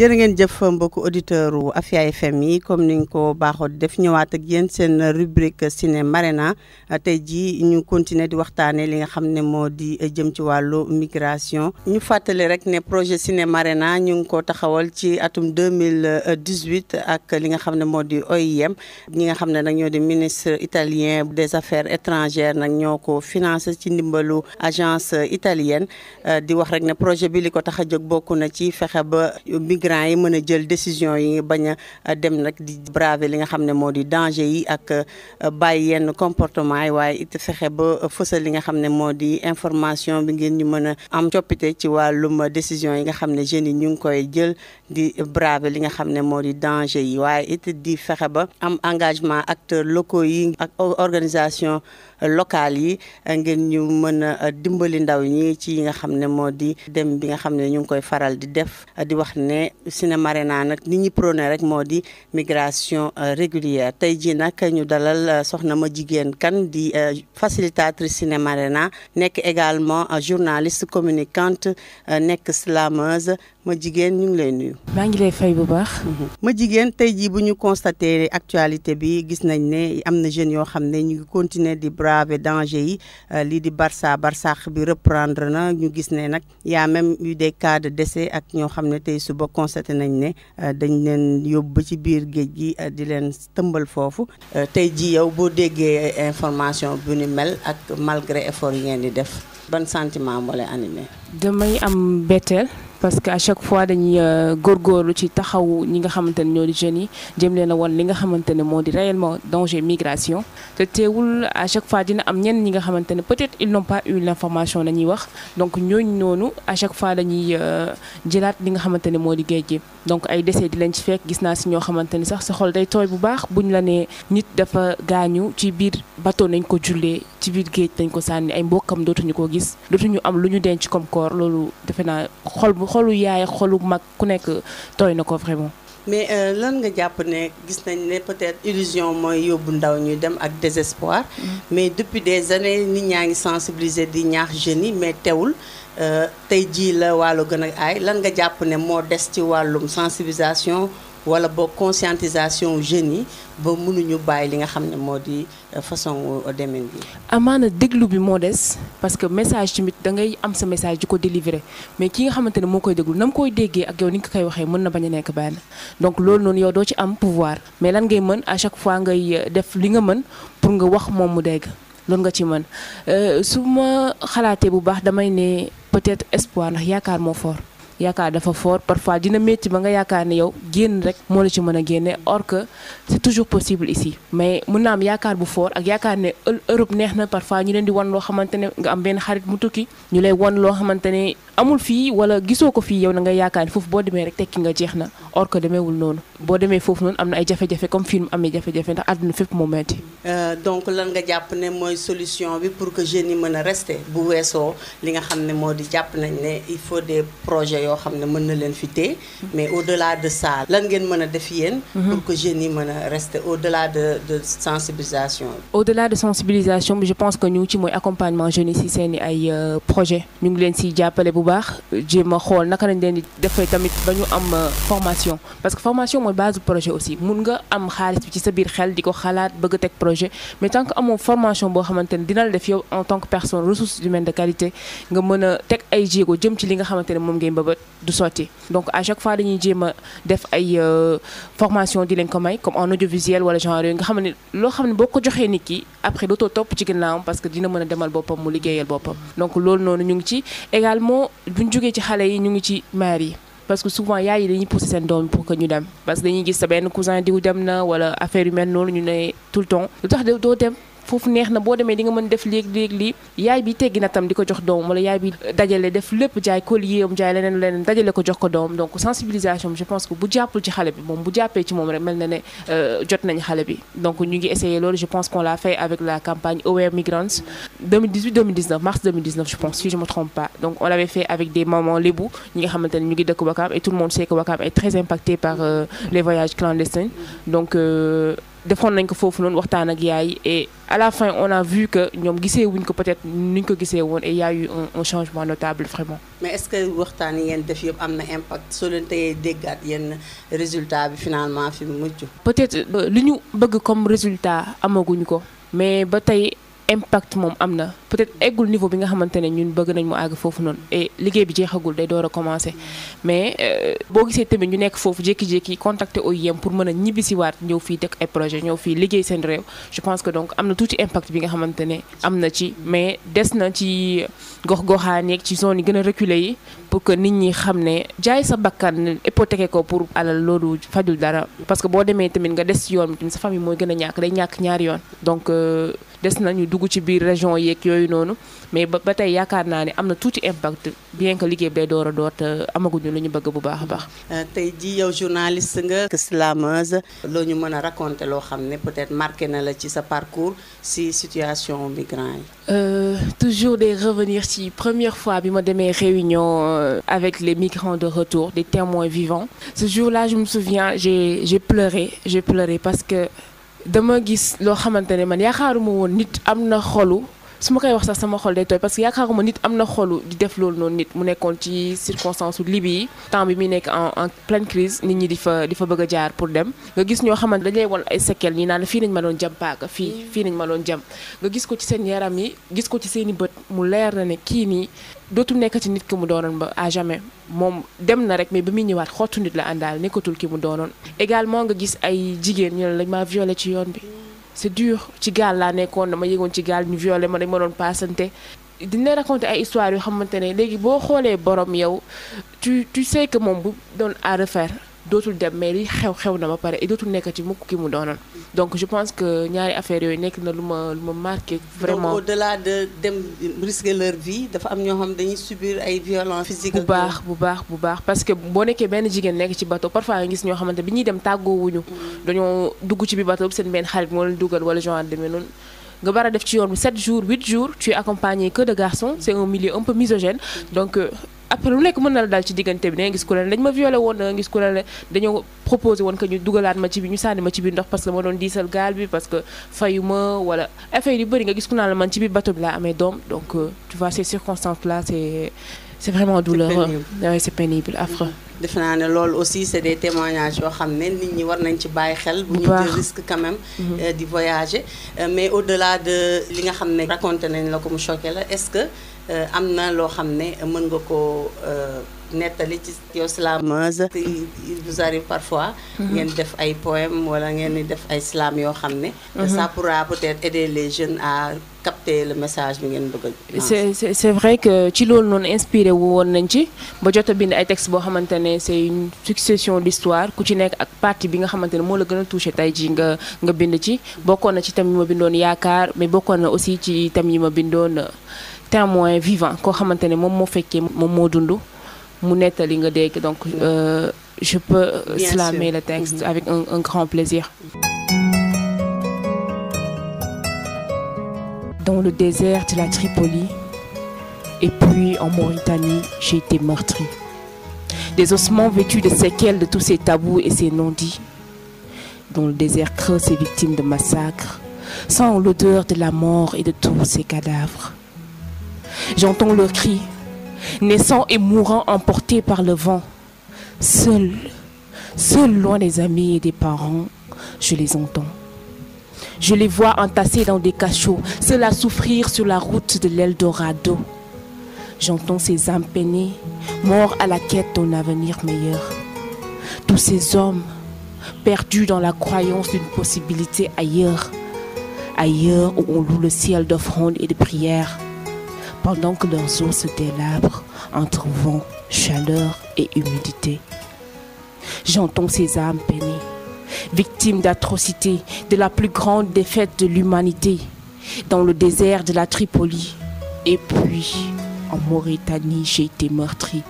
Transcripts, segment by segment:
jërë ngeen jëf mbokku auditeur u Afia FM yi comme niñ ko baaxoo def ñëwaat ak yéen seen rubrique ciné marina tey jii ñu continuer di waxtaanee li nga xam ne moo di jëm ci wàllu migration. ñu fàttali rek ne projet si ciné marina ñu ngi ko taxawal ci atum 2018 ak li nga xam ne moo di OIM ñi nga xam ne nag ñoo di ministre italien des affaires étrangères nag ñoo ko financé ci ndimbalu agence italien di wax rek ne projet bi li ko tax a jóg bokk na ci fexe ba migrants yi mën a jël décision yi bañ a dem nag di braver li nga xam ne moo di danger yi ak euh, bàyyi yenn comportement yi waaye it fexe ba fësal li nga xam ne moo di information bi ngeen ñu mën a am coppite ci wàllum décision yi nga xam ne jeunes yi ñu ngi koy jël di braver li nga xam ne moo di danger yi waaye it di fexe ba am engagement acteur locaux yi ak organisation locale yi euh, ngeen ñu mën a euh, dimbali ndaw ñi ci yi nga xam ne moo di dem bi nga xam ne ñu ngi koy faral di def di wax ne Sine naa nag ni ñi prone rek moo di migration euh, régulière tey jii nag ñu dalal euh, soxna ma jigéen kan di euh, facilitatrice Sine naa nekk également journaliste communicante nekk slameuse ma jigéen ñu ngi lay nuyu. maa ngi lay fay bu baax. Mm-hmm. ma jigéen tey jii bu ñu constaté actualité bi gis nañ ne am na jeunes yoo xam ne ñu ngi continuer di braver danger yi euh, lii di Barça Barsaq bi reprendre na ñu gis ne nag yaa a même eu des cas de ak ñoo xam ne tey suba constaté nañ ne euh, dañ leen yóbbu ci biir géej gi euh, di leen tëmbal foofu. tey ji yow boo déggee information bu ni mel ak malgré effort yi ngeen di def ban sentiment moo lay animé. damay am betteel. parce que à chaque fois dañuy euh, góorgóorlu ci taxaw ñi nga xamante ne ñoo di jeunes yi jëm leen a wan li nga xamante ne moo di réellement danger migration te teewul à chaque fois dina am ñenn ñi nga xamante ne peut-être ils n'ont pas eu l'information la ñuy wax donc ñooñ noonu à chaque fois dañuy euh, jëlaat li nga xamante ne moo di géej gi donc ay décès di leen ci fekk gis naa si ñoo xamante ni sax sa xol day tooy bu baax buñ la nee nit dafa gaañu ci biir bateau nañ ko jullee ci biir géej dañ ko sànni ay mbokkam dootuñu ko gis dootuñu am lu ñu denc comme loolu defe naa xolu yaay xolu mag ku nekk tooy na ko vraiment. mais euh, lan nga jàpp ne gis nañ ne peut-être illusion mooy yóbbu ndaw ñuy dem ak désespoir. Mm. mais depuis des années nit ñaa ngi sensibiliser di ñaax jeunes yi mais teewul. Euh, tey jii la waalo gën a aay lan nga jàpp ne moo des ci wàllum sensibilisation wala ba conscientisation jeunes yi ba mënuñu bàyyi li nga xam ne moo di euh, façon euh, demin bi. amaana déglu bi moo des parce que message tamit da ngay am sa message di ko délivrer mais ki nga xamante ne moo koy déglu na mu koy déggee ak yow ni nga koy waxee mën na bañ a nekk benn donc loolu noonu yow doo ci am pouvoir mais lan ngay mën à chaque fois ngay def li nga mën pour nga wax moom mu dégg loolu nga ci mën su ma xalaatee bu baax damay peut-être espoir ndax yaakaar moo fort. yaakaar dafa fort parfois dina métti ba nga yaakaar ne yow génn rek moo la ci mën a génne or que c'est toujours possible ici mais mun naa am yaakaar bu fort ak yaakaar ne Europe neex na parfois ñu leen di wan loo xamante ne nga am benn xarit mu tukki ñu lay wan loo xamante ne amul fii wala gisoo ko fii yow na nga yaakaar ne foofu boo demee rek tekki nga jeex na or que demeewul noonu boo demee foofu noonu am na ay jafe-jafe comme film amee jafe-jafe ndax fépp moo metti euh, donc lan nga jàpp ne mooy solution bi pour que jeunes yi mën a rester bu weesoo li nga ne moo di jàpp nañ ne il faut des projets yoo mais au delà de ça lan ngeen mën a def yéen mhm. pour que jeunes mën a rester au delà de sensibilisation au delà de sensibilisation bi je pense que ñu ci mooy accompagnement jeunes si seen i ay euh, projet ñu ngi leen siy jàppale bu baax jéem a xool naka lañ leen di tamit ba ñu am euh, formation parce que formation mooy base projet aussi mun nga am xaalis bi ci sa biir xel di ko xalaat bëgg teg projet mais tant que amoo formation boo xamante dina la def yow en a teg ay jéego du sotti donc à chaque fois dañuy jéem def ay euh, formation di leen ko may comme en audiovisuel wala genre yooyu nga xam ne loo xam ne boo ko joxee nit après dootoo topp ci ginnaawam parce que dina mën a demal boppam mu liggéeyal boppam donc loolu noonu ñu ngi ci également bu ñu jógee ci xale yi ñu ngi ci maire yi parce que souvent yaay dañuy pousser seen doom pour que ñu dem parce que dañuy gis sa benn cousin diw dem na wala affaire yu noonu ñu ne tout le temps foofu neex na boo demee dinga nga mën def léeg-léeg lii yaay bi teggi na tam di ko jox doomam wala yaay bi dajale def lépp jaay collier am jaay leneen leneen dajale ko jox ko doom donc sensibilisation je pense que bu jàppul ci xale bi moom bu jàppee ci moom rek mel na ne euh, jot nañ xale bi donc ñu ngi essayé lool je pense qu'on l'a fait avec la campagne Aware Migrants 2018 2019 mars 2019 je pense si je me trompe pas donc on l'avait fait avec des mamans lébu ñu ngi dëkk Wakaam defoon nañ ko foofu noonu waxtaan ak yaay et à la fin on a vu que ñoom gisee ko peut-être nuñ ko gisee woon et y a eu un changement notable vraiment. mais est-ce que waxtaan yi ngeen def yëpp am na impact soo leen teyee déggaat yenn résultat bi finalement fi mu mujj. peut-être euh, li ñu bëgg comme résultat amaguñ ko mais ba tey. impact moom am na peut-être eggul niveau bi nga xamante ne ñun bëgg nañ mu àgg foofu noonu e liggéey bi jeexagul day door a commencer mais euh, boo gisee tamit ñu nekk foofu jékki-jékki contacter OIM pour mën a ñibbisiwaat ñëw fii teg ay projet ñëw fii liggéey seen réew je pense que donc am na tuuti impact bi ne am na ci mais des na ci gox-goxaan yeeg ci zone yi gën a reculé yi pour que nit ñi xam ne jaay sa bakkan hypothéquer ko pour alal loolu fajul dara parce que boo demee tamit nga des yoon bi tamit sa famille mooy gën a ñàkk day ñàkk ñaar yoon euh, des nañu dugg ci biir région yeeg yooyu noonu mais ba ba tey yaakaar naa ne am na tuuti impact bien que liggéey bi day door a door te amaguñu lu ñu bëgg bu baax a baax. Euh, tey ji yow journaliste nga. slameuse loo ñu mën a raconter loo xam ne peut-être marqué na la ci sa parcours si situation migrant yi. Euh, toujours de revenir ci première fois bi ma demee réunion euh, avec les migrants de retour de témoins vivants ce jour-là je souviens j'ai j'ai pleuré j'ai pleuré que. dama gis loo xamante ne man yaakaaruma woon nit am na xolu su ma koy wax sax sama xol day tooy parce que yaakaaruma nit am na xolu di def loolu noonu nit mu nekkoon ci circonstance su Libye temps bi muy nekk en en pleine crise nit ñi di fa di fa bëgg a jaar pour dem nga gis ñoo xamante dañ lay won ay séquelles ñi naan fii nañ ma doon jam paaka fii mm. fii nañ nga gis ko ci seen yaram yi gis ko ci seen i bët mu leer na ne kii nii dootul nekkati nit ki mu doonoon ba à jamais moom dem na rek mais ba muy ñëwaat xottu nit la àndaal nekkatul ki mu doonoon également nga gis ay jigéen ñu ne lañ maa violé ci yoon bi mm. c'est dur ci gaal laa nekkoon dama yëgoon ci gaal ñu violé ma dañ ma doon paasante diñ lay raconter ay histoire yoo xamante ne léegi boo xoolee borom yow tu tu sais moom bu doon à fair dootul dem mais yi xew xew na ma pare et dootul nekk ci mukk ki mu doonoon donc je pense que ñaari affaire yooyu nekk na lu ma lu ma marqué. vraiment donc au delà dem risque leur vie dafa am ñoo xam dañuy subir ay violences physiques. bu baax bu baax bu baax parce que boo nekkee benn jigéen nekk ci bateau parfois nga gis ñoo xamante bi ñuy dem tàggoowuñu. Mm. dañoo dugg ci bi bateau bi seen benn xarit moo leen dugal wala genre demee noonu. nga bara def ci yoon bi 7 jours 8 jours tu accompagné que de garçons c'est un milieu un peu misogyne donc euh, après lu nekk mën na la daal ci diggante bi da nga gis ku la ne dañ ma violé la ne dañoo woon que dugalaat ma ci bi ñu sànni ma ci biir ndox parce que ma doon diisal gaal bi parce que fayu ma wala effet yu bëri nga gis ku naa la man ci biir bateau bi laa amee doom donc euh, tu vois ces circonstances c'est c'est vraiment douloureux c'est pénible affreux defe naa ne loolu aussi c'est des témoignages yoo xam ne nit ñi war nañ ci bàyyi xel bu ñu jël risque quand mhm. euh, di voyager euh, mais au-delà de li nga xam ne raconté nañ la ko mu choqué la est-ce que euh, am na loo xam ne mën nga ko nettali ci yow slameuse il vous arrive ngeen def ay poème wala ngeen di def ay slam yoo xam ne mhm. ça pourra peut-être aider les jeunes à capter le message bi ngeen bëgg a c'est c'est vrai que ci loolu noonu inspiré wu woon nañ ci ba jot a bind ay texte boo xamante ne c'est une succession d'histoire ku ci nekk ak partie bi nga xamante ne moo la gën a touché tey ji nga nga bind ci bokkoon na ci tam yi ma bindoon yaakaar mais bokkoon na aussi ci tam yi ma bindoon témoin vivant koo xamante ne moom moo fekkee moom moo dund mu nettali nga dégg donc euh, je peux euh, Bien slammer sûr. le texte mm -hmm. avec un, grand plaisir dans le désert de la Tripoli et puis en Mauritanie j'ai été meurtri des ossements vêtus de séquelles de tous ces tabous et ces non-dits dans le désert creux ces victimes de massacres sans l'odeur de la mort et de tous ces cadavres j'entends leurs cris naissant et mourant emporté par le vent. Seul, seul loin des amis et des parents, je les entends. Je les vois entassés dans des cachots, seuls à souffrir sur la route de l'Eldorado. J'entends ces âmes peinées, morts à la quête d'un avenir meilleur. Tous ces hommes perdus dans la croyance d'une possibilité ailleurs, ailleurs où on loue le ciel d'offrandes et de prières. pendant que leurs os se délabrent entre vent, chaleur et humidité. J'entends ces âmes pénies, victimes d'atrocités, de la plus grande défaite de l'humanité, dans le désert de la Tripoli. Et puis, en Mauritanie, j'ai été meurtri.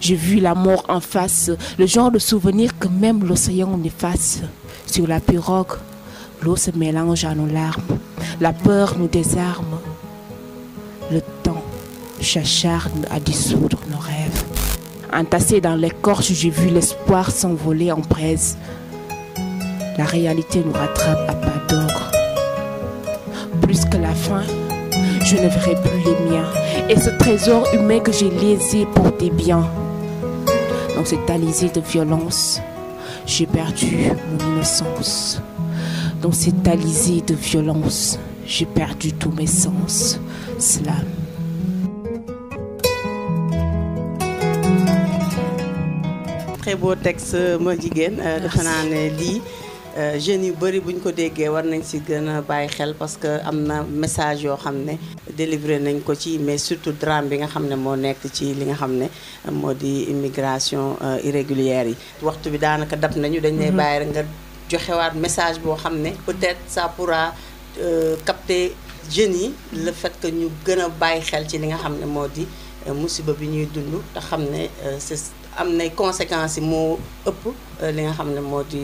J'ai vu la mort en face, le genre de souvenir que même l'océan efface. Sur la pirogue, l'eau se mélange à nos larmes, la peur nous désarme le temps s'acharne à dissoudre nos rêves. Entassé dans l'écorce, j'ai vu l'espoir s'envoler en braise. La réalité nous rattrape à pas d'or. Plus que la fin, je ne verrai plus les miens et ce trésor humain que j'ai lésé pour tes biens. Dans cet alizé de violence, j'ai perdu mon innocence. Dans cet alizé de violence, J'ai perdu tous mes Très beau texte ma jigéen euh, defe naa ne lii euh, jeunes yu bëri buñ ko déggee war nañ si gën a bàyyi xel parce que am na message yoo xam ne délivrer nañ ko ci mais surtout drame bi nga xam ne moo nekk ci li nga xam ne moo di immigration euh, irrégulière yi waxtu bi daanaka dab nañu dañ lay mhm. bàyyi rek nga joxewaat message boo xam ne peut-être ça Euh, capter jeunes yi le fait que ñu gën a bàyyi xel ci li nga xam ne moo di euh, musiba bi ñuy dund te xam ne euh, c'est am nay conséquences yi moo ëpp li nga xam ne moo di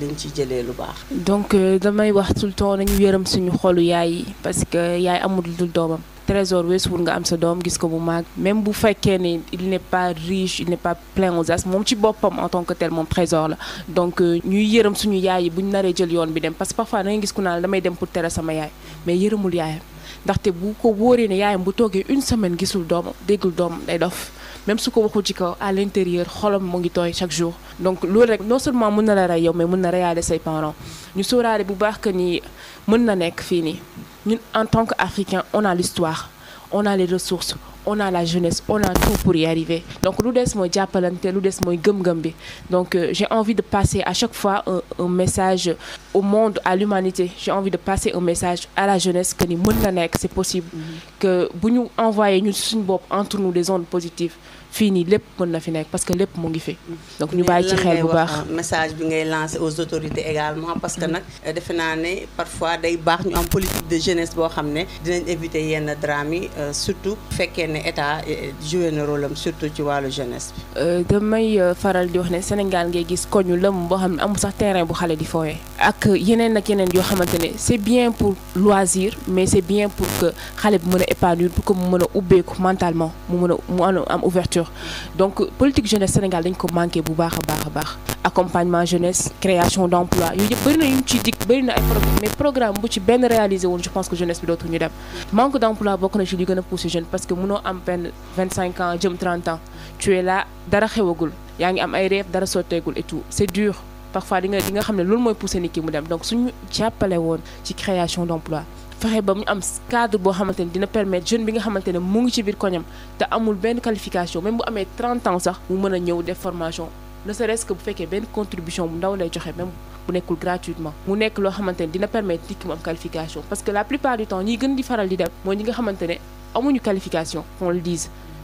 liñ ci jëlee lu baax. donc damay wax tout le temps nañu yërëm suñu xolu yaay yi parce que yaay amul dul doomam. trésor weesuwul nga am sa doom gis ko bu mag même bu fekkee ne il n'est pas riche il n'est pas plein aux as moom ci boppam en tant que tel moom trésor la donc euh, ñuy yërëm suñu yaay yi bu ñu naree jël yoon bi dem parce que parfois da ngay gis ku naan damay dem pour tere sama yaay mais yërëmul yaayam ndaxte bu ko wóoree ne yaayam bu toogee une semaine gisul doom déggul doom day dof même su ko waxul ci kaw à l'intérieur xolam mu ngi tooy chaque jour donc loolu rek non seulement mën na la rey yow mais mën na reyaale say parents ñu sóoraale bu baax que ni mën na nekk fii nii ñun en tant qu'Africains on a l'histoire on a les ressources on a la jeunesse on a tout pour y arriver donc lu des mooy jàppalante lu des mooy gëm bi donc euh, j'ai envie de passer à chaque fois un, message au monde à l'humanité j'ai envie de passer un message à la jeunesse que ni mën na nekk c'est possible mm-hmm. que bu ñu envoyer ñun suñu bopp entre nous des ondes positives fii nii lépp mën na fi nekk parce que lépp mu ngi fi. donc ñu bàyyi ci xel bu baax euh, message bi ngay lancé aux autorités également parce que nag euh, defe naa ne parfois day baax ñu am politique de jeunesse boo xam ne dinañ éviter yenn drame yi euh, surtout fekkee ne état joué na am surtout ci wàllu jeunesse bi. damay faral di wax ne Sénégal ngay gis koñu lëm boo xam ne amul sax terrain bu xale di fooyee. ak yeneen ak yeneen yoo xamante ne c'est bien pour loisir mais c'est bien pour que xale bi mën a épanouir pour que mu mën a ubbeeku mentalement mu mën a mu am ouverture donc politique jeunesse Sénégal dañ ko manqué bu baax a baax a baax accompagnement jeunesse création d'emploi yooyu yëpp bëri na yu ñu ciy dikk bëri na ay programme mais bu ci benn réalisé woon je pense que jeunesse bi dootu ñu dem manque d'emploi bokk na ci li gën a poussé jeune parce que mënoo am benn 25 ans jëm 30 ans tu yaa ngi am ay rêve dara sotteegul et tout c'est dur parfois di nga di nga xam ne loolu mooy pousser nit ki mu dem donc suñu jàppale woon ci création d'emploi fexe ba mu am cadre boo xamante ne dina permettre jeune bi nga xamante ne mu ngi ci biir koñam te amul benn qualification même bu amee 30 ans sax mën a ñëw def formation ne serait-ce bu fekkee benn contribution bu ndaw lay joxe même bu nekkul gratuitement mu nekk loo xamante ne dina permettre nit ki mu am qualification parce que la plupart du temps ñiy gën di faral di dem mooy ñi nga xamante ne amuñu qualification qu'on le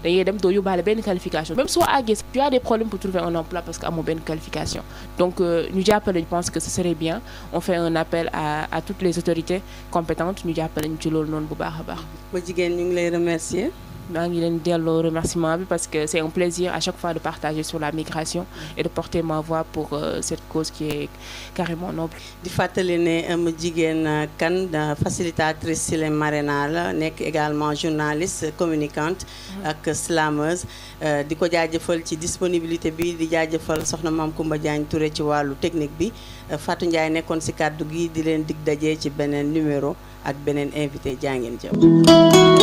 da ngay dem doo yóbbaale benn qualification même soo àggee tu as des problèmes pour trouver un emploi parce que amoo benn qualification donc euh, ñu jàppale je pense que ce serait bien on fait un appel à à toutes les autorités compétentes ñu jàppale ñu ci loolu noonu bu baax a baax. ba jigéen ñu ngi lay remercier. maa ngi leen delloo remerciement bi parce que c'est un plaisir à chaque fois de partager sur la migration et de porter ma voix pour euh, cette cause qui est carrément noble. di fàttali ne euh, mu jigéen euh, kan facilitatrice ci les marina la nekk également journaliste communicante mm-hmm. ak slameuse di ko jaajëfal ci disponibilité bi di jaajëfal soxna maam Koumba Diagne Touré ci wàllu technique bi Fatou Ndiaye nekkoon ci kàddu gi di leen dig dajee ci beneen numéro ak beneen invité jaa ngeen